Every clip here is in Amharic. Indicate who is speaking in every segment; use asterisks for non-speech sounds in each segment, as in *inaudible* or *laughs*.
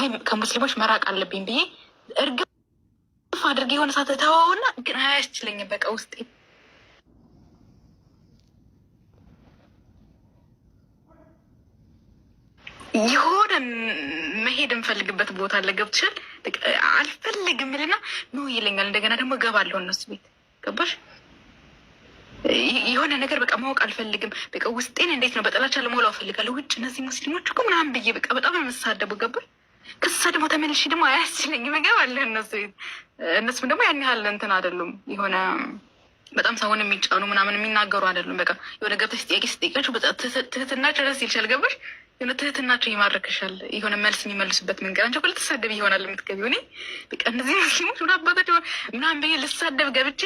Speaker 1: አይ ከሙስሊሞች መራቅ አለብኝ ብዬ እርግፍ አድርጌ የሆነ ሰዓት ተዋውና ግን አያስችለኝም በቃ ውስጤ የሆነ መሄድ እንፈልግበት ቦታ አለ ገብትሻል አልፈልግም ልና ኖ ይለኛል እንደገና ደግሞ እገባለሁ እነሱ ቤት ገባሽ የሆነ ነገር በቃ ማወቅ አልፈልግም በቃ ውስጤን እንዴት ነው በጠላቻ ለሞላው እፈልጋለሁ ውጭ እነዚህ ሙስሊሞች እኮ ምናምን ብዬ በቃ በጣም የምሳደቡ ገባል ክሳ ደግሞ ተመልሼ ደግሞ አያስችለኝ አያስችለኝም አለ እነሱ እነሱም ደግሞ ያን ያህል እንትን አይደሉም የሆነ በጣም ሰውን የሚጫኑ ምናምን የሚናገሩ አይደሉም። በቃ የሆነ ገብተሽ ጥያቄ ስጠይቃቸው ትህትናቸው ደስ ይልሻል። ገባሽ የሆነ ትህትናቸው ይማርክሻል። የሆነ መልስ የሚመልሱበት መንገድ አንቺ እኮ ልትሳደብ ይሆናል የምትገቢው። እኔ በቃ እነዚህ ሙስሊሞች ምን አባታቸው ምናምን ብዬ ልሳደብ ገብቼ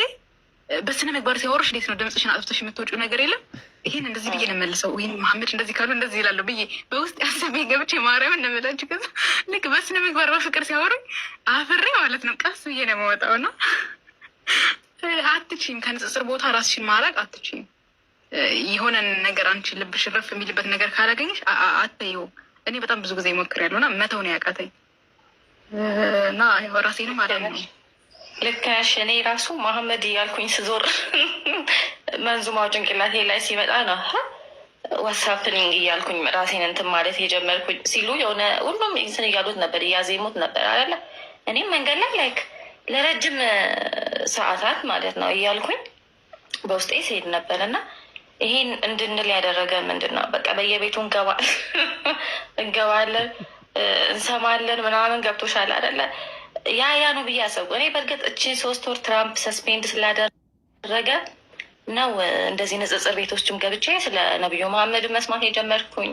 Speaker 1: በስነ ምግባር ሲያወሩሽ እንዴት ነው ድምፅሽን አጥፍተሽ የምትወጪው ነገር የለም ይሄን እንደዚህ ብዬ ነው መልሰው ወይም መሐመድ እንደዚህ ካሉ እንደዚህ ይላለሁ ብዬ በውስጥ ያሰቤ ገብቼ ማርያም እነምላችሁ። ከዛ ልክ በስነ ምግባር በፍቅር ሲያወሩኝ አፍሬ ማለት ነው ቀስ ብዬ ነው የማወጣው። እና አትችይም፣ ከንጽጽር ቦታ ራስሽን ማራቅ አትችይም። የሆነን ነገር አንቺ ልብሽ ረፍ የሚልበት ነገር ካላገኘሽ አታየውም። እኔ በጣም ብዙ ጊዜ ሞክሬያለሁ እና መተው ነው ያቃተኝ እና ያው ራሴንም አለ
Speaker 2: ልክ ነሽ። እኔ ራሱ መሐመድ እያልኩኝ ስዞር መንዙማው ጭንቅላቴ ላይ ሲመጣ ነው ዋትሳፕኒንግ እያልኩኝ ራሴን እንትን ማለት የጀመርኩኝ ሲሉ የሆነ ሁሉም እንትን እያሉት ነበር፣ እያዜሙት ነበር አለ እኔም መንገድ ላይ ላይክ ለረጅም ሰዓታት ማለት ነው እያልኩኝ በውስጤ ስሄድ ነበር እና ይሄን እንድንል ያደረገ ምንድን ነው? በቃ በየቤቱ *laughs* እንገባለን፣ እንሰማለን ምናምን ገብቶሻል አይደለ? ያ ያ ነው ብዬ አሰብኩ እኔ። በእርግጥ እቺ ሶስት ወር ትራምፕ ሰስፔንድ ስላደረገ ነው እንደዚህ ንጽጽር ቤቶችም ገብቼ ስለ ነቢዩ መሐመድ መስማት የጀመርኩኝ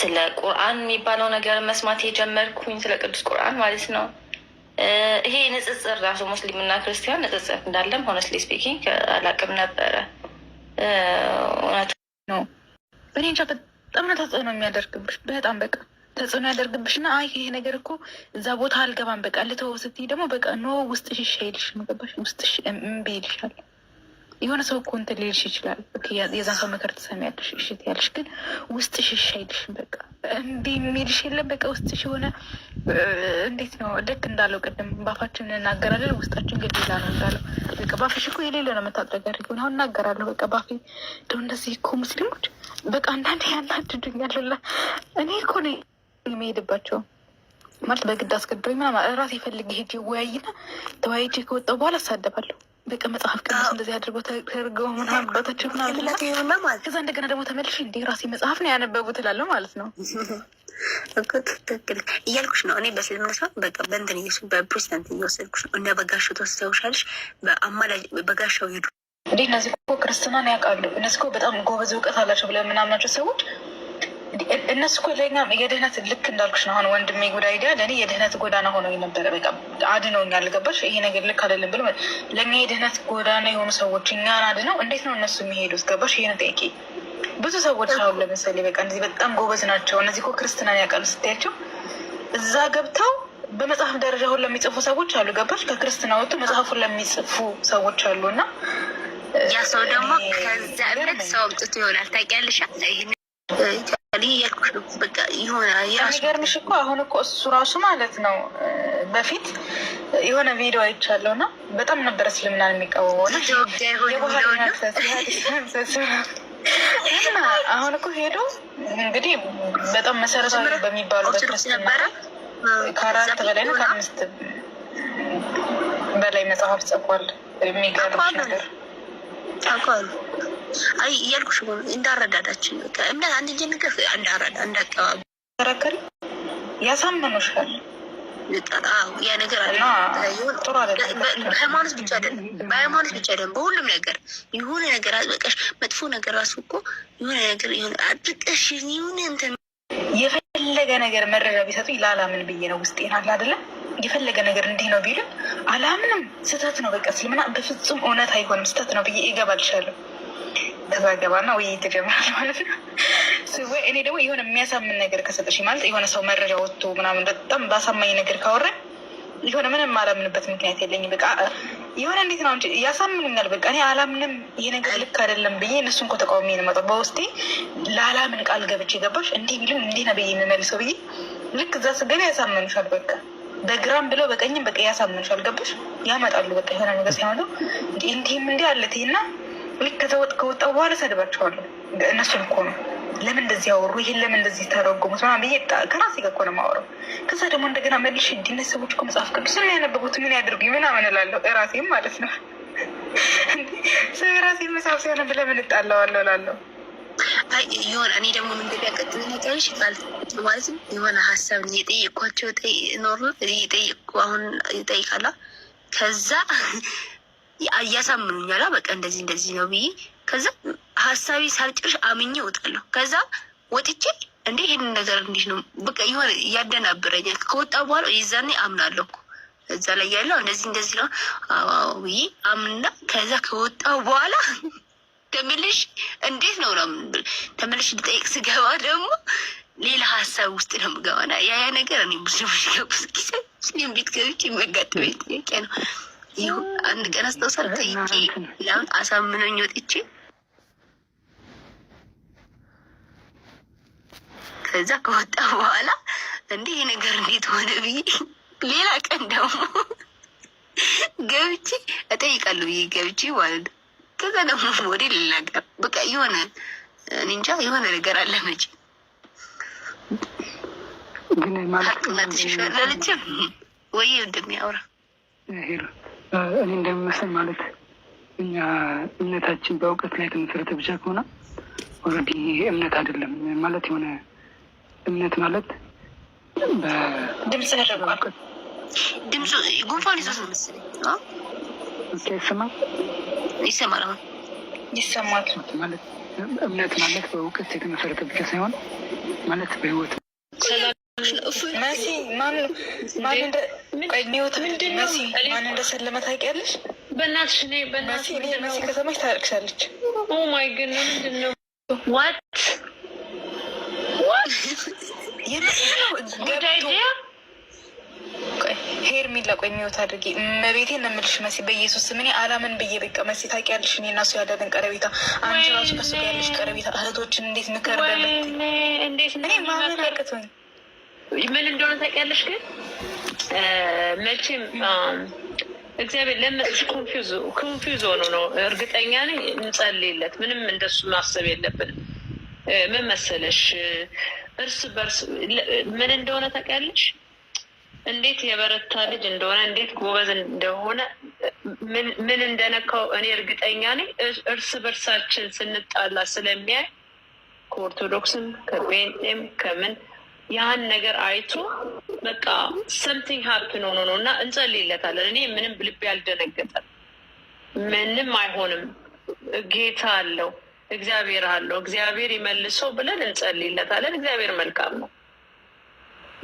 Speaker 2: ስለ ቁርአን የሚባለው ነገር መስማት የጀመርኩኝ ስለ ቅዱስ ቁርአን ማለት ነው። ይሄ ንጽጽር ራሱ ሙስሊም እና ክርስቲያን ንጽጽር እንዳለም ሆነስሊ ስፒኪንግ አላቅም ነበረ። እውነት ነው።
Speaker 1: እኔ እንጃ በጣም ነው ተጽዕኖ የሚያደርግብሽ። በጣም በቃ ተጽዕኖ ያደርግብሽ እና አይ ይሄ ነገር እኮ እዛ ቦታ አልገባም በቃ ልተወው ስትይ ደግሞ በቃ ኖ ውስጥሽ ይሻይልሽ ነው ገባሽ ውስጥሽ እምቢ ይልሻል። የሆነ ሰው እኮ እንትን ሊልሽ ይችላል። የዛን ሰው ምክር ትሰሚያለሽ፣ እሺ ትያለሽ። ግን ውስጥሽ እሺ አይልሽም። በቃ እምቢ የሚልሽ የለም። በቃ ውስጥሽ የሆነ እንዴት ነው ልክ እንዳለው ቅድም ባፋችን እናገራለን፣ ውስጣችን ግን ሌላ ነው እንዳለው። በቃ ባፍሽ እኮ የሌለ ነው የምታጠገር ሆን አሁን እናገራለሁ። በቃ ባፌ እንደው እንደዚህ እኮ ሙስሊሞች በቃ አንዳንድ ያናድዱኛል። ላ እኔ እኮ ነው የሚሄድባቸው ማለት በግድ አስገድዶኝ ምናምን እራሴ ፈልጌ ሄጄ ወያይና ተወያይቼ ከወጣሁ በኋላ እሳደባለሁ። በቃ መጽሐፍ ቅዱስ እንደዚህ አድርጎ ተርገው ምናምን ቦታቸው
Speaker 2: ምናምን
Speaker 1: ከዛ እንደገና ደግሞ ተመልሽ እንዲ ራሴ መጽሐፍ ነው ያነበቡ ትላለ ማለት ነው
Speaker 2: ትክክል እያልኩሽ ነው። እኔ በእስልምና ሰው በቃ በእንትን በፕሬዚዳንት እየወሰድኩሽ ነው። እንደ በጋሻው ተወስደውሻልሽ። በአማላጅ በጋሻው ሄዱ
Speaker 1: እንዴ? እነዚህ እኮ ክርስትናን ያውቃሉ። እነዚህ እኮ በጣም ጎበዝ እውቀት አላቸው ብለን የምናምናቸው ሰዎች እነሱ እኮ ለኛ የድህነት ልክ እንዳልኩሽ ነው። አሁን ወንድሜ ጉዳ ይዲያ ለእኔ የድህነት ጎዳና ሆኖ ነበረ። በቃ አድነውኛል። ገባሽ? ይሄ ነገር ልክ አይደለም ብሎ ለእኛ የድህነት ጎዳና የሆኑ ሰዎች እኛን አድነው እንዴት ነው እነሱ የሚሄዱት? ገባሽ? ይሄን ጠይቄ ብዙ ሰዎች አሁን ለምሳሌ በቃ እነዚህ በጣም ጎበዝ ናቸው። እነዚህ እኮ ክርስትናን ያውቃሉ ስታያቸው እዛ ገብተው በመጽሐፍ ደረጃ ሁሉ ለሚጽፉ ሰዎች አሉ። ገባሽ? ከክርስትና ወጡ መጽሐፉን ለሚጽፉ ሰዎች አሉ እና
Speaker 2: ያ ሰው ደግሞ ከዛ እምነት ሰው አምጥቶ ይሆናል ታውቂያለሽ ይሆናል እያልኩሽ ነው። በቃ ይሆናል።
Speaker 1: የሚገርምሽ እኮ አሁን እኮ እሱ ራሱ ማለት ነው በፊት የሆነ ቪዲዮ አይቻለሁ እና በጣም ነበረ እስልምናን የሚቃወመው አሁን እኮ ሄዶ እንግዲህ በጣም መሰረታዊ በሚባሉ በክርስትና ከአራት በላይ ነው ከአምስት በላይ መጽሐፍ ጽፏል። የሚገርምሽ ነገር
Speaker 2: አይ እያልኩሽ እንዳረዳዳችን እምነት አንድ እጅ ንገፍ እንዳረዳ እንዳቀባቢ
Speaker 1: ተረከሪ ያሳመኑሻል።
Speaker 2: ያ ነገር በሃይማኖት ብቻ አይደለም፣ በሃይማኖት ብቻ አይደለም፣ በሁሉም ነገር የሆነ ነገር አጥበቀሽ መጥፎ ነገር ራሱ እኮ የሆነ ነገር ሆነ አጥብቀሽ የሆነ እንትን
Speaker 1: የፈለገ ነገር መረጃ ቢሰጡ ላላምን ብዬ ነው ውስጤን አለ አደለም የፈለገ ነገር እንዲህ ነው ቢሉ አላምንም፣ ስህተት ነው በቃ ስልምና በፍጹም እውነት አይሆንም ስህተት ነው ብዬ ይገባልሻለሁ። ከዛ ገባና ውይይት ይጀምራል ማለት ነው። እኔ ደግሞ የሆነ የሚያሳምን ነገር ከሰጠሽ ማለት የሆነ ሰው መረጃ ወጥቶ ምናምን በጣም ባሳማኝ ነገር ካወራኝ የሆነ ምንም አላምንበት ምክንያት የለኝም። በቃ የሆነ እንዴት ነው እንጂ ያሳምንኛል። በቃ እኔ አላምንም፣ ይሄ ነገር ልክ አይደለም ብዬ እነሱ እኮ ተቃውሜ ነው የማውጣው። በውስጤ ለአላምን ቃል ገብቼ ገባሽ እንዲህ ቢሉም እንዲህ ነው ብዬ የምመልሰው ብዬ ልክ እዛ ስገባ ያሳምኑሻል። በቃ በግራም ብለው በቀኝም በቃ ያሳምኑሻል። ገባሽ ያመጣሉ። በቃ የሆነ ነገር ሲያመጡ እንዲህም እንዲህ አለትና ልክ ከተወጥ ከወጣ በኋላ ሰድባቸዋለሁ። እነሱን እኮ ነው ለምን እንደዚህ አወሩ፣ ይህን ለምን እንደዚህ ተረጎሙት ምናምን ብዬ ከራሴ ጋር እኮ ነው የማወራው። ከዛ ደግሞ እንደገና መልሽ እንዲነት ሰዎች እኮ መጽሐፍ ቅዱስ ነው ያነበቡት ምን ያደርጉኝ ምናምን እላለሁ። እራሴም ማለት ነው ሰው የራሴን መጽሐፍ ሲያነብ ለምን እጣለዋለሁ እላለሁ።
Speaker 2: የሆነ እኔ ደግሞ ምንገቢ ያቀጥል ነገሮች ይባል ማለትም የሆነ ሀሳብ የጠየቅኳቸው ኖሩ የጠየቁ አሁን ይጠይቃላ ከዛ እያሳምኑኛላ በቃ እንደዚህ እንደዚህ ነው ብዬ ከዛ ሀሳቢ ሳልጭርሽ አምኜ እወጣለሁ። ከዛ ወጥቼ እንደ ይሄንን ነገር እንዲህ ነው በቃ የሆነ ያደናብረኛል። ከወጣ በኋላ የዛኔ አምናለሁ እዛ ላይ ያለው እንደዚህ እንደዚህ ነው ብዬ አምና ከዛ ከወጣ በኋላ *laughs* ተመልሽ እንዴት ነው ነው ተመልሽ ልጠይቅ ስገባ ደግሞ ሌላ ሀሳብ ውስጥ ነው የምገባና ያ ያ ነገር እኔ ብዙ ገቡ ስኪሰ ቤት ገብቼ የሚያጋጥመኝ ጥያቄ ነው። አንድ ቀን አስታውሳል ጠይቄ አሳምነኝ ወጥቼ ከዛ ከወጣ በኋላ እንዲህ ነገር እንዴት ሆነ ብዬ ሌላ ቀን ደግሞ ገብቼ እጠይቃለሁ ብዬ ገብቼ ማለት ከዛ ደግሞ ወደ ሌላ ነገር በቃ የሆነ እንጃ የሆነ ነገር አለ መቼ ግን ማለት ለልችም ወይ እንደሚያወራ
Speaker 1: እኔ እንደሚመስል ማለት እኛ እምነታችን በእውቀት ላይ የተመሰረተ ብቻ ከሆነ ኦልሬዲ እምነት አይደለም ማለት የሆነ እምነት ማለት
Speaker 2: ድምፅ ጉንፋን ይዞት ነው መሰለኝ። ይሰማል ይሰማል ይሰማል።
Speaker 1: ማለት እምነት ማለት በእውቀት የተመሰረተ ብቻ ሳይሆን ማለት በህይወት ማን እንደሰለመ መሲ ሄር oh የሚል ቆይ የሚወት አድርጌ መቤቴ እምልሽ መሲ በኢየሱስ ምን አላምን ብዬ በቃ መሲ ታውቂያለሽ፣ እኔ እና እሱ ያለንን ቀረቤታ አንቺ ራሱ ከሱ ያለሽ ቀረቤታ እህቶችን እንዴት ምክር
Speaker 2: በምት
Speaker 1: እኔ ማመን አቅቶኝ
Speaker 2: ምን እንደሆነ ታውቂያለሽ ግን መቼም እግዚአብሔር ለነሱ ኮንፊውዝ ሆኖ ነው። እርግጠኛ ነኝ እንጸልይለት። ምንም እንደሱ ማሰብ የለብንም። ምን መሰለሽ እርስ በርስ ምን እንደሆነ ታውቂያለሽ? እንዴት የበረታ ልጅ እንደሆነ እንዴት ጎበዝ እንደሆነ ምን እንደነካው እኔ እርግጠኛ ነኝ። እርስ በርሳችን ስንጣላ ስለሚያይ ከኦርቶዶክስም ከጴንጤም ከምን ያን ነገር አይቶ በቃ ሰምቲንግ ሀፕን ሆኖ ነው እና እንጸልይለታለን። እኔ ምንም ልብ ያልደነገጠል ምንም አይሆንም። ጌታ አለው፣ እግዚአብሔር አለው፣ እግዚአብሔር ይመልሰው ብለን እንጸልይለታለን። እግዚአብሔር መልካም ነው።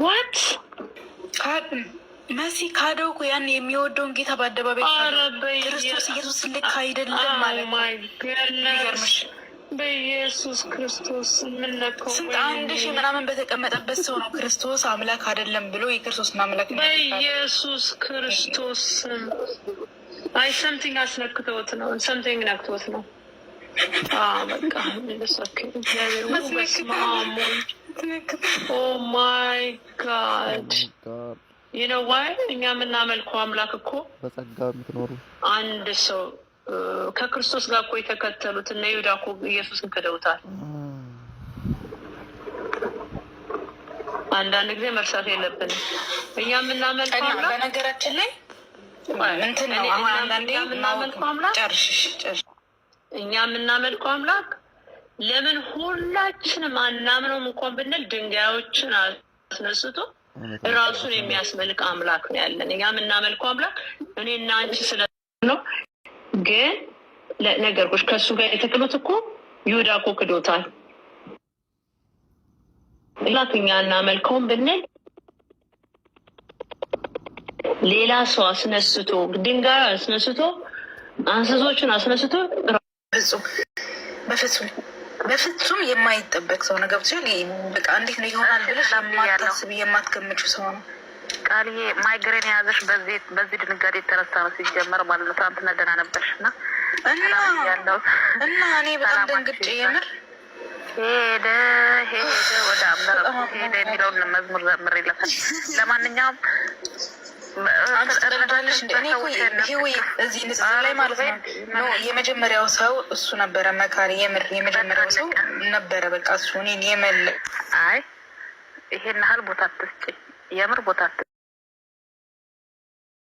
Speaker 2: ዋት መሲ ካደው እኮ ያን የሚወደውን ጌታ በአደባባይ ክርስቶስ ኢየሱስ ልክ አይደለም ማለት ነው። በኢየሱስ ክርስቶስ የምንለከው
Speaker 1: ስንት አንድ ሺህ ምናምን በተቀመጠበት ሰው ነው ክርስቶስ አምላክ አይደለም ብሎ የክርስቶስን አምላክ
Speaker 2: በኢየሱስ ክርስቶስ አይ ሰምቲንግ አስነክተውት ነው ሰምቲንግ ነክተውት ነው። ኦ ማይ ጋድ ይህ ነው ዋይ እኛ የምናመልከው አምላክ እኮ
Speaker 1: በጸጋ የምትኖሩ
Speaker 2: አንድ ሰው ከክርስቶስ ጋር እኮ የተከተሉት እነ ይሁዳ እኮ ኢየሱስን ክደውታል። አንዳንድ ጊዜ መርሳት የለብንም እኛ የምናመልከው
Speaker 1: በነገራችን ላይ
Speaker 2: እኛ የምናመልከው አምላክ ለምን ሁላችንም አናምነውም እንኳን ብንል ድንጋዮችን አስነስቶ ራሱን የሚያስመልክ አምላክ ነው ያለን። እኛ የምናመልከው አምላክ እኔ እና አንቺ ስለ ነው ግን ነገርኩሽ ከእሱ ጋር የተክሉት እኮ ይሁዳ እኮ ክዶታል። ላትኛ እናመልከውም ብንል ሌላ ሰው አስነስቶ ድንጋይ አስነስቶ አንስሶችን አስነስቶ በፍጹም በፍጹም የማይጠበቅ ሰው ነው። ገብቶሻል? በቃ እንዴት ነው ይሆናል ብለሽ የማታስቢ የማትገምችው ሰው ነው።
Speaker 1: ቃል ይሄ ማይግሬን የያዘሽ በዚህ ድንጋዴ የተነሳ ነው ሲጀመር ማለት ነው። ትናንትና ደህና ነበርሽ እና
Speaker 2: እና እኔ በጣም ደንግጬ የምር
Speaker 1: ሄደ ሄደ ወደ አምረ ሄደ የሚለውን መዝሙር ዘምር ይለታል። *laughs* ለማንኛውም
Speaker 2: የመጀመሪያው ሰው እሱ ነበረ መካሪ፣ የምር የመጀመሪያው ሰው ነበረ። በቃ እሱ እኔን የመለ
Speaker 1: አይ ይሄን ያህል ቦታ አትስጪ የምር ቦታ